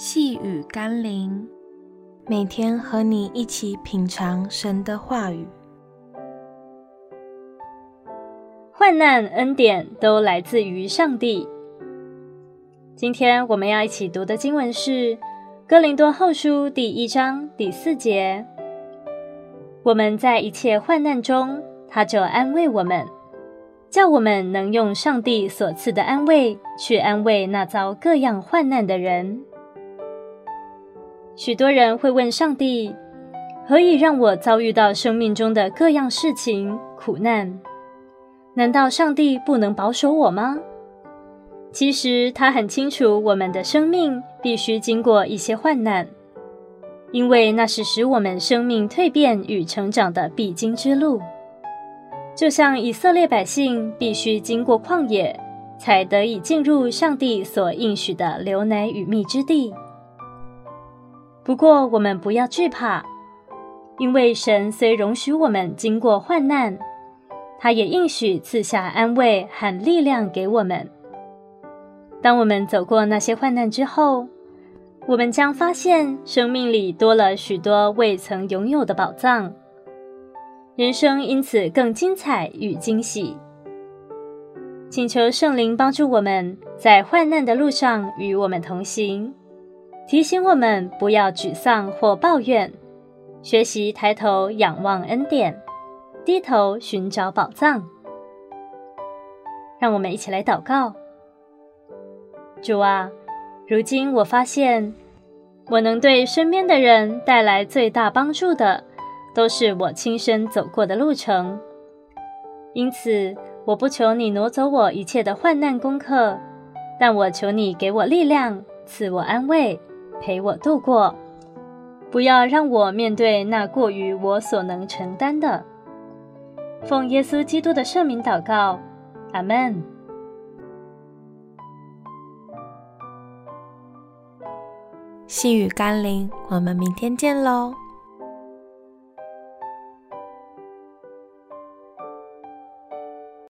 細語甘霖，每天和你一起品嘗神的話語。患難恩典都來自於上帝。今天我們要一起讀的經文是《哥林多後書》第一章第四節。我們在一切患難中，他就安慰我們，叫我們能用上帝所賜的安慰去安慰那遭各樣患難的人。許多人會問上帝：何以讓我遭遇到生命中的各樣事情、苦難？難道上帝不能保守我嗎？其實他很清楚，我們的生命必須經過一些患難，因為那是使我們生命蛻變與成長的必經之路。就像以色列百姓必須經過曠野，才得以進入上帝所應許的流奶與蜜之地。不過，我們不要懼怕，因為神雖容許我們經過患難，他也應許賜下安慰和力量給我們。當我們走過那些患難之後，我們將發現生命裡多了許多未曾擁有的寶藏，人生因此更精彩與驚喜。請求聖靈幫助我們在患難的路上與我們同行。提醒我們不要沮喪或抱怨，學習抬頭仰望恩典，低頭尋找寶藏。讓我們一起來禱告：主啊，如今我發現，我能對身邊的人帶來最大幫助的，都是我親身走過的路程。因此，我不求你挪走我一切的患難功課，但我求你給我力量，賜我安慰。陪我度過，不要讓我面對那過於我所能承擔的。奉耶穌基督的聖名禱告，阿們。細語甘霖，我們明天見嘍。